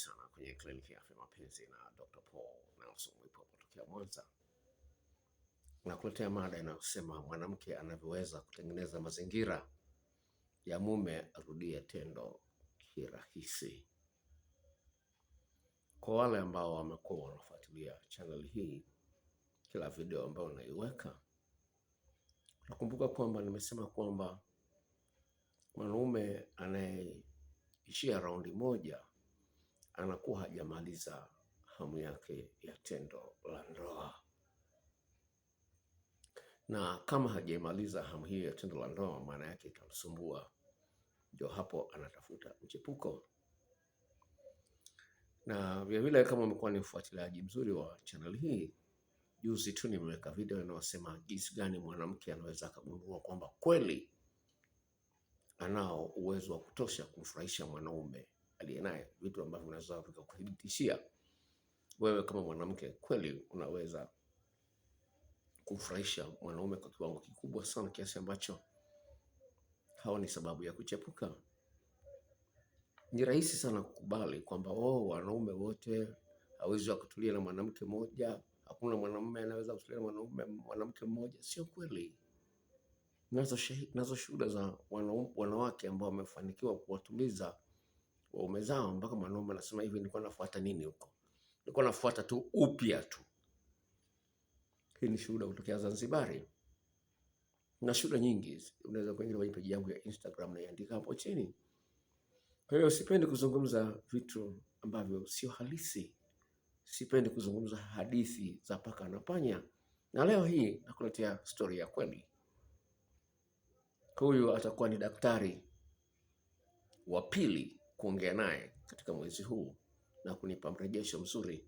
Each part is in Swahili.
sana kwenye kliniki ya afya mapenzi na Dr. Paul Nelson Mwipopo tokea Mwanza. Nakuletea mada inayosema mwanamke anavyoweza kutengeneza mazingira ya mume arudie tendo kirahisi. Kwa wale ambao wamekuwa wanafuatilia channel hii, kila video ambayo naiweka, nakumbuka kwamba nimesema kwamba mwanaume anayeishia raundi moja anakuwa hajamaliza hamu yake ya tendo la ndoa, na kama hajaimaliza hamu hiyo ya tendo la ndoa, maana yake itamsumbua. Ndio hapo anatafuta mchepuko. Na vilevile, kama umekuwa ni mfuatiliaji mzuri wa channel hii, juzi tu nimeweka video inayosema jinsi gani mwanamke anaweza akagundua kwamba kweli anao uwezo wa kutosha kumfurahisha mwanaume aliye naye, vitu ambavyo unaweza vikakuthibitishia wewe kama mwanamke kweli unaweza kufurahisha mwanaume kwa kiwango kikubwa sana, kiasi ambacho ni sababu ya kuchepuka. Ni rahisi sana kukubali kwamba oh, wanaume wote hawezi kutulia na mwanamke mmoja, hakuna mwanamume anaweza kutulia na mwanaume mwanamke mmoja. Sio kweli. Nazo, nazo shuhuda za wanawake ambao wamefanikiwa kuwatuliza waume zao, mpaka mwanaume anasema hivi, nilikuwa nafuata nini huko? Nilikuwa nafuata tu upya tu. Hii ni shuhuda kutokea Zanzibari na shuhuda nyingi unaweza kuingia kwenye peji yangu ya Instagram na iandika hapo chini. Kwa hiyo sipendi kuzungumza vitu ambavyo sio halisi, sipendi kuzungumza hadithi za paka na panya, na leo hii nakuletea stori ya kweli. Huyu atakuwa ni daktari wa pili kuongea naye katika mwezi huu na kunipa mrejesho mzuri.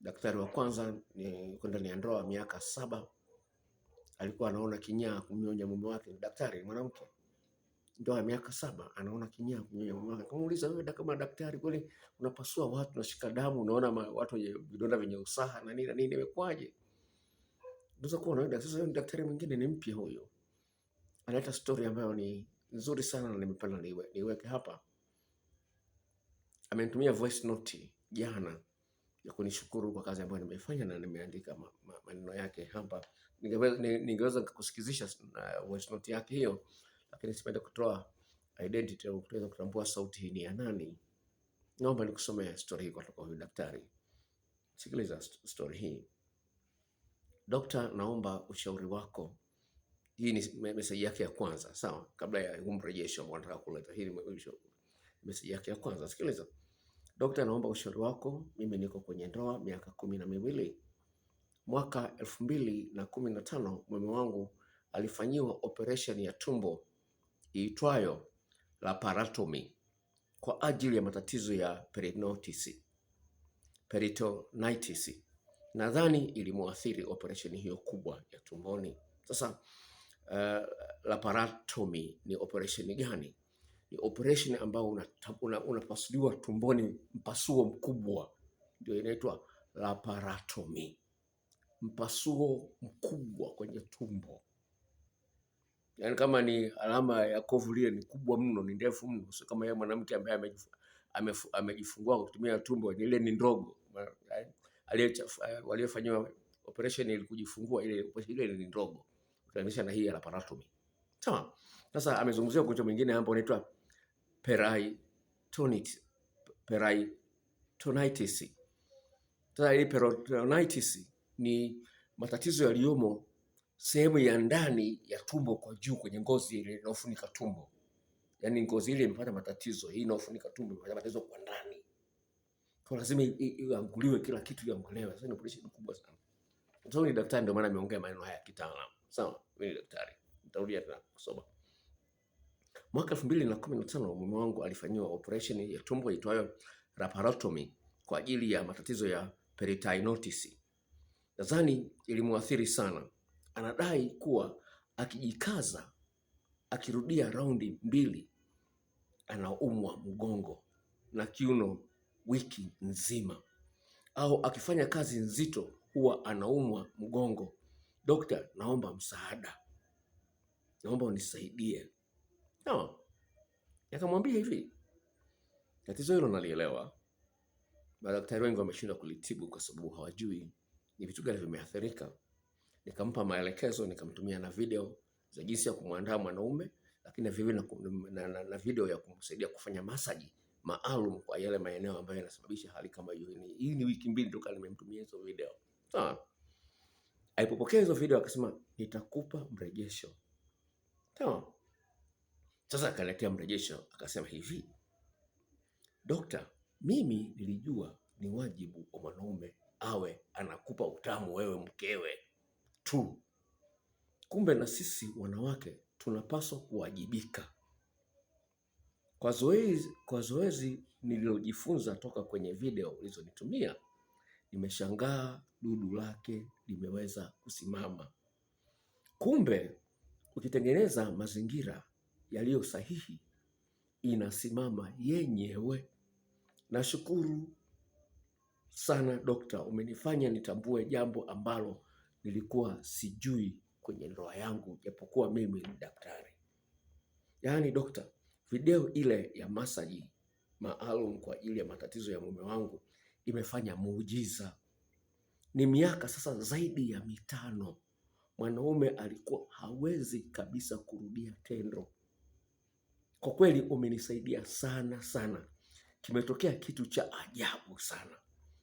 Daktari wa kwanza niko ndani ya ndoa miaka saba, alikuwa anaona kinyaa kumnyonya mume wake. Daktari mwanamke, ndoa ya miaka saba, anaona kinyaa kumnyonya mume wake. Kumuuliza wewe kama daktari kweli unapasua watu, unashika damu, unaona watu wenye vidonda vyenye usaha na nini na nini, imekwaje? Unaweza kuona sasa, daktari mwingine ni mpya huyo, analeta stori ambayo ni nzuri sana na nimependa niweke hapa. Amenitumia voice note jana ya kunishukuru kwa kazi ambayo nimeifanya na nimeandika maneno yake hapa. Ningeweza kusikizisha uh, voice note yake hiyo, lakini sipenda kutoa identity au kuweza kutambua sauti hii ni ya nani. Naomba nikusomea story hii kutoka huyu daktari. Sikiliza story hii. Dokta, naomba ushauri wako hii ni meseji yake ya kwanza, sawa, kabla ya umrejesho ambao nataka kuleta. Hii ni meseji yake ya kwanza. Sikiliza. daktari, naomba ushauri wako. Mimi niko kwenye ndoa miaka kumi na miwili. Mwaka elfu mbili na kumi na tano mume wangu alifanyiwa operesheni ya tumbo iitwayo laparotomy kwa ajili ya matatizo ya perinotis Peritonitis. Nadhani ilimwathiri operation hiyo kubwa ya tumboni. Sasa Eh, laparatomi ni operation gani? Ni operation ambayo unapasuliwa una, una tumboni, mpasuo mkubwa ndio inaitwa laparatomi, mpasuo mkubwa kwenye tumbo. Yani kama ni alama ya kovu lile ni kubwa mno, ni ndefu mno, sio kama yeye mwanamke ambaye amejifungua kwa kutumia tumbo, ile ni ndogo. Waliofanyiwa operation ili kujifungua ile ile ni ndogo kutenganisha na hii ya laparotomy. Sawa. Sasa amezungumzia ugonjwa mwingine ambao unaitwa peritonitis. Peritonitis. Sasa hii peritonitis ni matatizo yaliyomo sehemu ya ndani ya tumbo kwa juu kwenye ngozi ile inayofunika tumbo. Yaani ngozi ile imepata matatizo, hii inayofunika tumbo imepata matatizo kwa ndani. Kwa lazima ianguliwe, kila kitu ianguliwe. Sasa ni operation kubwa sana. ni Daktari ndio maana ameongea maneno haya kitaalamu. Sawa, mimi ni daktari, nitarudia tena kusoma. Mwaka 2015 mume wangu alifanyiwa operation ya tumbo iitwayo laparotomy kwa ajili ya matatizo ya peritonitis. Nadhani ilimwathiri sana. Anadai kuwa akijikaza, akirudia raundi mbili, anaumwa mgongo na kiuno wiki nzima, au akifanya kazi nzito huwa anaumwa mgongo dokta, naomba msaada, naomba unisaidie. No. Yakamwambia hivi, tatizo hilo nalielewa, madaktari wengi wameshindwa kulitibu kwa sababu hawajui ni vitu gani vimeathirika. Nikampa maelekezo, nikamtumia na video za jinsi ya kumwandaa mwanaume, lakini na, na, na, na video ya kumsaidia kufanya masaji maalum kwa yale maeneo ambayo yanasababisha hali kama hiyo. Hii ni wiki mbili toka nimemtumia hizo video. Sawa. Ah. Alipopokea hizo video akasema nitakupa mrejesho. Sawa? Sasa akaletea mrejesho akasema hivi, Dokta, mimi nilijua ni wajibu wa mwanaume awe anakupa utamu wewe mkewe tu, kumbe na sisi wanawake tunapaswa kuwajibika kwa zoezi, kwa zoezi nililojifunza toka kwenye video ulizonitumia. Nimeshangaa dudu lake limeweza kusimama. Kumbe ukitengeneza mazingira yaliyo sahihi inasimama yenyewe. Nashukuru sana dokta, umenifanya nitambue jambo ambalo nilikuwa sijui kwenye ndoa yangu, japokuwa mimi ni daktari. Yaani dokta, video ile ya masaji maalum kwa ajili ya matatizo ya mume wangu imefanya muujiza. Ni miaka sasa zaidi ya mitano, mwanaume alikuwa hawezi kabisa kurudia tendo. Kwa kweli umenisaidia sana sana, kimetokea kitu cha ajabu sana.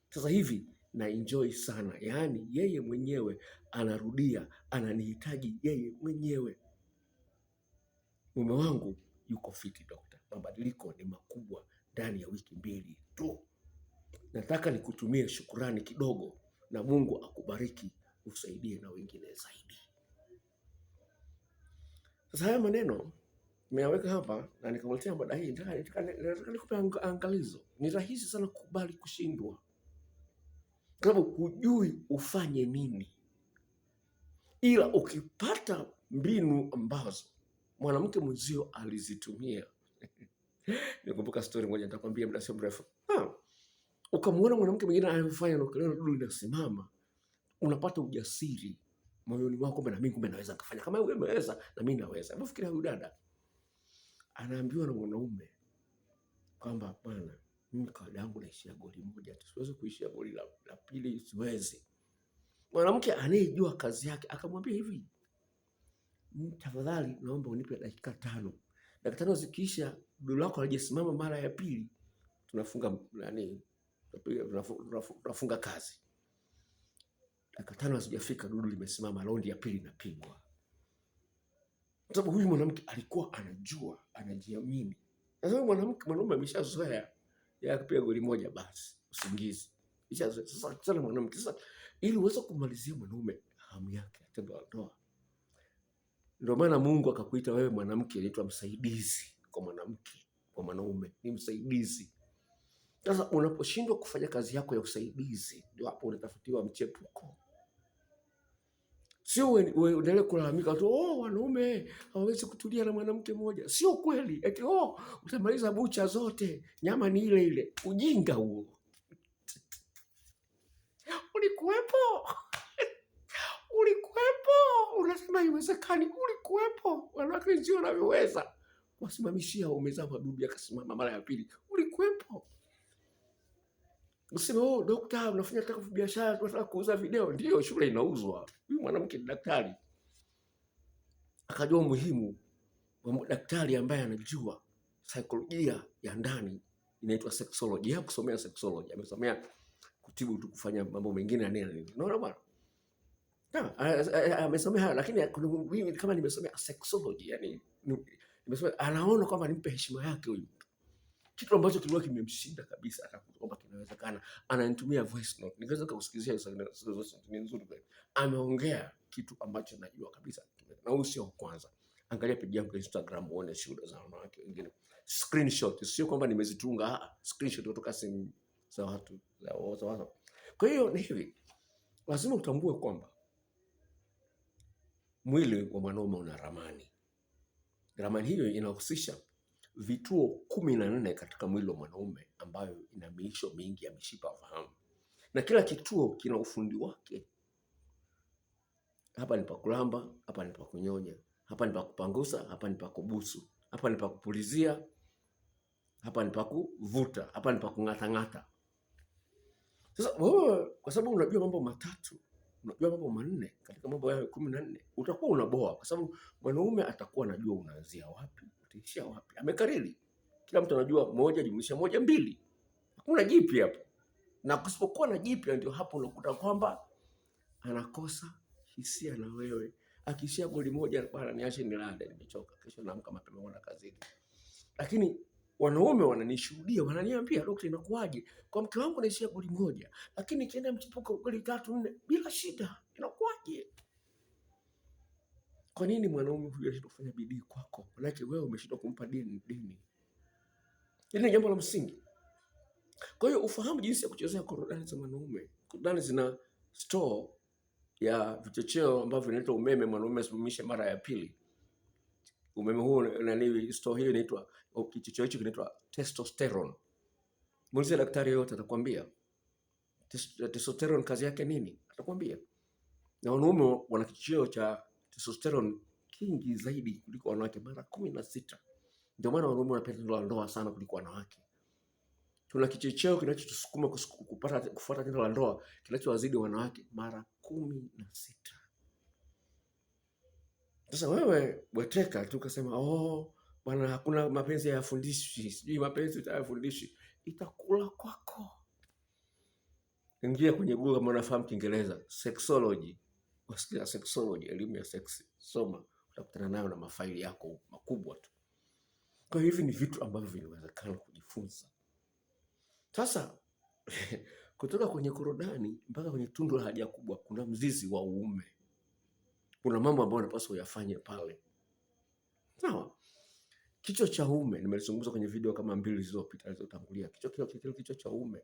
Sasa hivi na enjoy sana, yaani yeye mwenyewe anarudia, ananihitaji yeye mwenyewe. Mume wangu yuko fiti dokta, mabadiliko ni makubwa ndani ya wiki mbili tu. Nataka nikutumie shukurani kidogo na Mungu akubariki usaidie na wengine zaidi. Sasa haya maneno nimeyaweka hapa na nikamletea mada hii, nataka nikupe angalizo. Ni rahisi sana kukubali kushindwa, sababu hujui ufanye nini, ila ukipata mbinu ambazo mwanamke mwenzio alizitumia. Nikumbuka stori moja nitakwambia muda sio mrefu ukamwona mwanamke mwingine anayemfanya na dudu unapata ujasiri moyoni mwako kwamba na mimi kumbe naweza kufanya kama yeye ameweza, na mimi naweza. Hebu fikiria huyu dada anaambiwa na mwanaume kwamba hapana, mimi kawaida yangu naishia goli moja tu, siwezi kuishia goli la, la pili siwezi. Mwanamke anayejua kazi yake akamwambia hivi, tafadhali naomba unipe dakika tano. Dakika tano zikiisha dudu lako halijasimama mara ya pili, tunafunga yani tunafunga kazi. Dakika tano hazijafika, dudu limesimama, raundi ya pili inapigwa, kwa sababu huyu mwanamke alikuwa anajua, anajiamini. Sasa mwanamke mwanaume ameshazoea ya kupiga goli moja basi, usingizi ishazoea. Sasa tena mwanamke sasa, ili uweze kumalizia mwanaume hamu yake ya tendo la ndoa, ndio maana Mungu akakuita wewe mwanamke, anaitwa msaidizi kwa mwanamke, kwa mwanaume ni msaidizi. Sasa unaposhindwa kufanya kazi yako ya usaidizi, ndio hapo unatafutiwa mchepuko. Sio uendelee kulalamika tu, oh, wanaume hawawezi kutulia na mwanamke mmoja. Sio kweli eti oh, utamaliza bucha zote, nyama ni ile ile. Ujinga huo ulikuwepo, ulikuwepo. Unasema iwezekani ulikuwepo. Wanawake ndio wanavyoweza kuwasimamishia. Umezaa madudu akasimama mara ya pili, ulikuwepo. Useme oh, dokta unafanya taka biashara, tunataka kuuza video. Ndio, shule inauzwa. Huyu mwanamke ni daktari, akajua umuhimu wa daktari ambaye anajua saikolojia ya ndani, inaitwa sexology. Yeye kusomea sexology, amesomea kutibu tu, kufanya mambo mengine ya nini. Unaona bwana, amesomea hayo, lakini kama nimesomea sexology, yani nimesomea, anaona kwamba nimpe heshima yake huyu kitu ambacho kilikuwa kimemshinda kabisa, akakuta kwamba kinawezekana. Ananitumia voice note, nikaweza kusikilizia nzuri kweli, ameongea kitu ambacho najua kabisa, na huyu sio kwanza. Angalia peji yangu ya Instagram uone shuhuda za wanawake wengine, screenshot, sio kwamba nimezitunga, ah, screenshot kutoka simu za watu za WhatsApp. Kwa hiyo ni hivi, lazima utambue kwamba mwili wa mwanaume una ramani. Ramani hiyo inahusisha vituo kumi na nne katika mwili wa mwanaume ambayo ina miisho mingi ya mishipa fahamu, na kila kituo kina ufundi wake. Hapa ni pa kulamba, hapa ni pa kunyonya, hapa ni pa kupangusa, hapa ni pa kubusu, hapa ni pa kupulizia, hapa ni pa kuvuta, hapa ni pa kung'atang'ata. Sasa wewe kwa sababu unajua mambo matatu unajua mambo manne katika mambo hayo kumi na nne utakuwa unaboa, kwa sababu mwanaume atakuwa anajua unaanzia wapi tutaishia wapi? Amekariri, kila mtu anajua moja jumlisha moja mbili, hakuna jipi hapo. Na kusipokuwa na jipi ndio hapo unakuta kwamba anakosa hisia na wewe. Akishia goli moja, bwana niache nilale, nimechoka, kesho naamka mapema kwenda kazini. Lakini wanaume wananishuhudia, wananiambia dokta, inakuwaje? Kwa mke wangu naishia goli moja, lakini nikienda mchipuko goli tatu nne bila shida, inakuwaje? Kwa nini mwanaume huyu anashindwa kufanya bidii kwako? Manake wewe umeshindwa kumpa dini dini. Hili ni jambo la msingi. Kwa hiyo ufahamu jinsi ya kuchezea korodani za mwanaume. Korodani zina store ya vichocheo ambavyo vinaitwa umeme. Mwanaume asimamishe mara ya pili umeme huo, na nini, store hiyo inaitwa, kichocheo hicho kinaitwa testosterone. Muulize daktari yote atakwambia testosterone kazi yake nini, atakwambia. Na wanaume wana kichocheo cha testosterone kingi zaidi kuliko wanawake mara kumi na sita. Ndio maana wanaume wanapenda tendo la ndoa sana kuliko wanawake. Tuna kichocheo kinachotusukuma kupata kufuata tendo la ndoa kinachowazidi wanawake mara kumi na sita. Sasa wewe bweteka tu ukasema, oh bwana, hakuna mapenzi hayafundishwi, sijui mapenzi utayafundishwi, itakula kwako. Ingia kwenye Google kama unafahamu Kiingereza sexology Ukisikiliza sexology, elimu ya sex, soma, utakutana nayo na mafaili yako makubwa tu. Kwa hivi ni vitu ambavyo vinawezekana kujifunza. Sasa kutoka kwenye korodani mpaka kwenye tundu la haja kubwa kuna mzizi wa uume. Kuna mambo ambayo unapaswa uyafanye pale, sawa? Kichwa cha uume nimelizungumza kwenye video kama mbili zilizopita zilizotangulia. Kichwa kile kile kichwa cha uume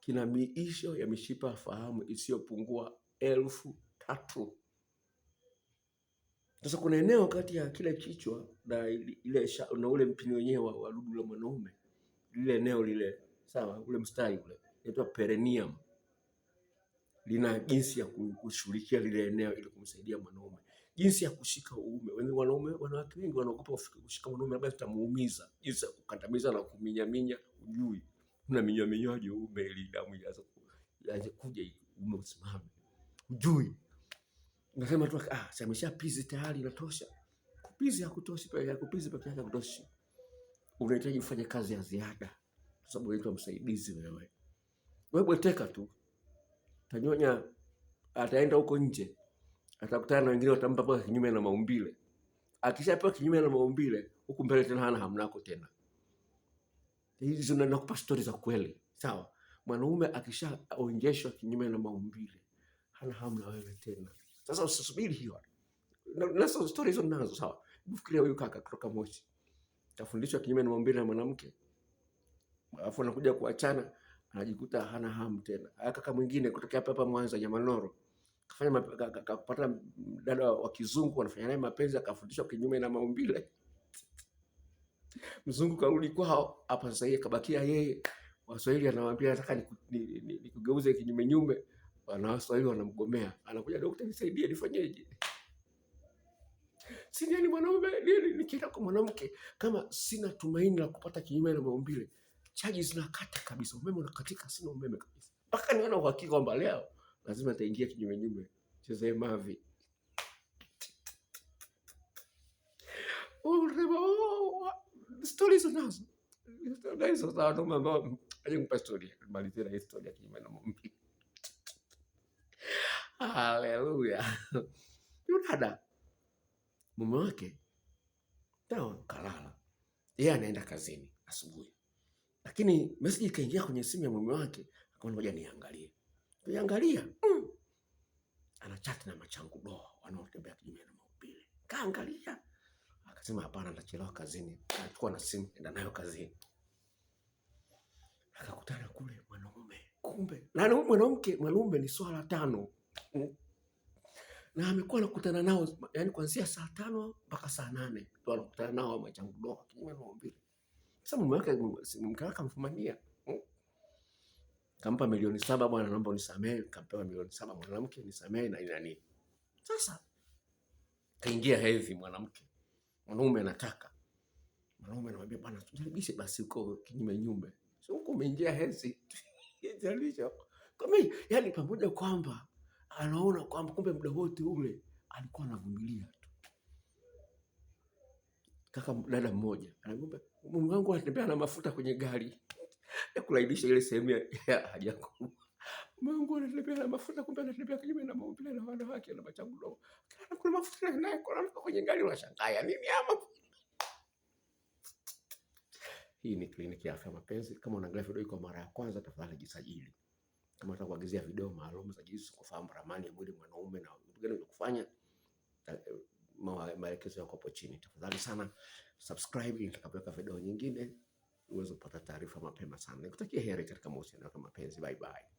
kina miisho ya mishipa fahamu isiyopungua elfu tatu. Sasa kuna eneo kati ya kile kichwa na, ile sha, na ule mpini wenyewe wa dudu la mwanaume lile eneo lile sawa, ule mstari ule inaitwa perineum, lina jinsi ya kushughulikia lile eneo ili kumsaidia mwanaume, jinsi ya kushika uume. Wanaume, wanawake wengi wanaogopa kushika mwanaume, labda tutamuumiza, jinsi ya kukandamiza na kuminyaminya, ujui unaminyaminywaje uume ili damu ianze kuja uume usimame, ujui Nikasema tu ah, samesha pizi tayari inatosha. Pizi hakutoshi pale, kupizi peke yake hakutoshi. Unahitaji kufanya kazi ya ziada. Kwa sababu unaitwa msaidizi wewe. Wewe bweteka tu. Tanyonya ataenda huko nje. Atakutana na wengine watampa kwa kinyume na maumbile. Akishapewa kinyume na maumbile, huku mbele tena hana hamnako tena. Hizo ndio nakupa stori za kweli. Sawa. Mwanaume akishaonyeshwa kinyume na maumbile, hana hamu na wewe tena. Sasa usisubiri hiyo na, na so hizo ninazo sawa. Fikiria huyu kaka kutoka Moshi tafundishwa kinyume na maumbile na mwanamke, alafu anakuja kuachana, anajikuta hana hamu tena. Haya, kaka mwingine kutokea hapa hapa Mwanza Nyamanoro kafanya kapata dada wa kizungu, anafanya naye mapenzi, akafundishwa kinyume na maumbile mzungu karudi kwao hapa sasa, yeye kabakia yeye. Waswahili anawaambia nataka nikugeuze ni, ni, ni kinyume nyume Waswahili wanamgomea, anakuja dokta, nisaidie, nifanyeje? Si ni mwanaume nini? Nikienda kwa mwanamke kama sina tumaini la kupata kinyume na maumbile, chaji zinakata kabisa, umeme unakatika, sina umeme kabisa, mpaka niona uhakika kwamba leo lazima nitaingia kinyume nyume, chezee mavi stori nazo nazo za wanaume ambao aje kupa stori malizia na historia kinyume na maumbile Haleluya! Yudada mume wake tawa kalala, yeye anaenda kazini asubuhi, lakini meseji ikaingia kwenye simu ya mume wake, akaona ngoja niangalie. niangalia mm. ana chat na machangu doa wanaotembea kinyume na maubile. Kaangalia akasema hapana, nitachelewa kazini. Akachukua na simu enda nayo kazini, akakutana kule mwanaume, kumbe na mwanamke. Mwanaume ni swala tano Eh, na amekuwa anakutana nao yani kuanzia saa tano mpaka saa nane ndo anakutana nao amechangudoa kinyume na maumbile. Sasa mume wake mke wake amfumania, hmm. kampa milioni saba, bwana naomba unisamehe. Kampewa milioni saba mwanamke, nisamehe na nani. Sasa kaingia hedhi mwanamke, mwanaume anataka, mwanaume anamwambia bwana, tujaribishe basi uko kinyume nyume, so huko umeingia hedhi kwa kama yani, pamoja kwamba anaona kwamba kumbe muda wote ule alikuwa anavumilia tu. Kaka dada mmoja anamwambia mume wangu anatembea na mafuta kwenye gari ya kulainisha ile sehemu ya haja kubwa. Mume wangu anatembea na mafuta, kumbe anatembea kinyume na maumbile na wanawake na machaguo dogo. Kuna mafuta naye kuna kwenye gari, unashangaa ya nini hapa? Hii ni kliniki ya afya mapenzi. Kama unaangalia video hii kwa mara ya kwanza, tafadhali jisajili kama nataka kuagizia video maalum za jinsi kufahamu ramani ya mwili mwanaume na vitu gani kufanya, eh, maelekezo yako hapo chini. Tafadhali sana subscribe, nitakapoweka video nyingine uweze kupata taarifa mapema sana. Nikutakia heri katika mahusiano yako mapenzi. Bye bye.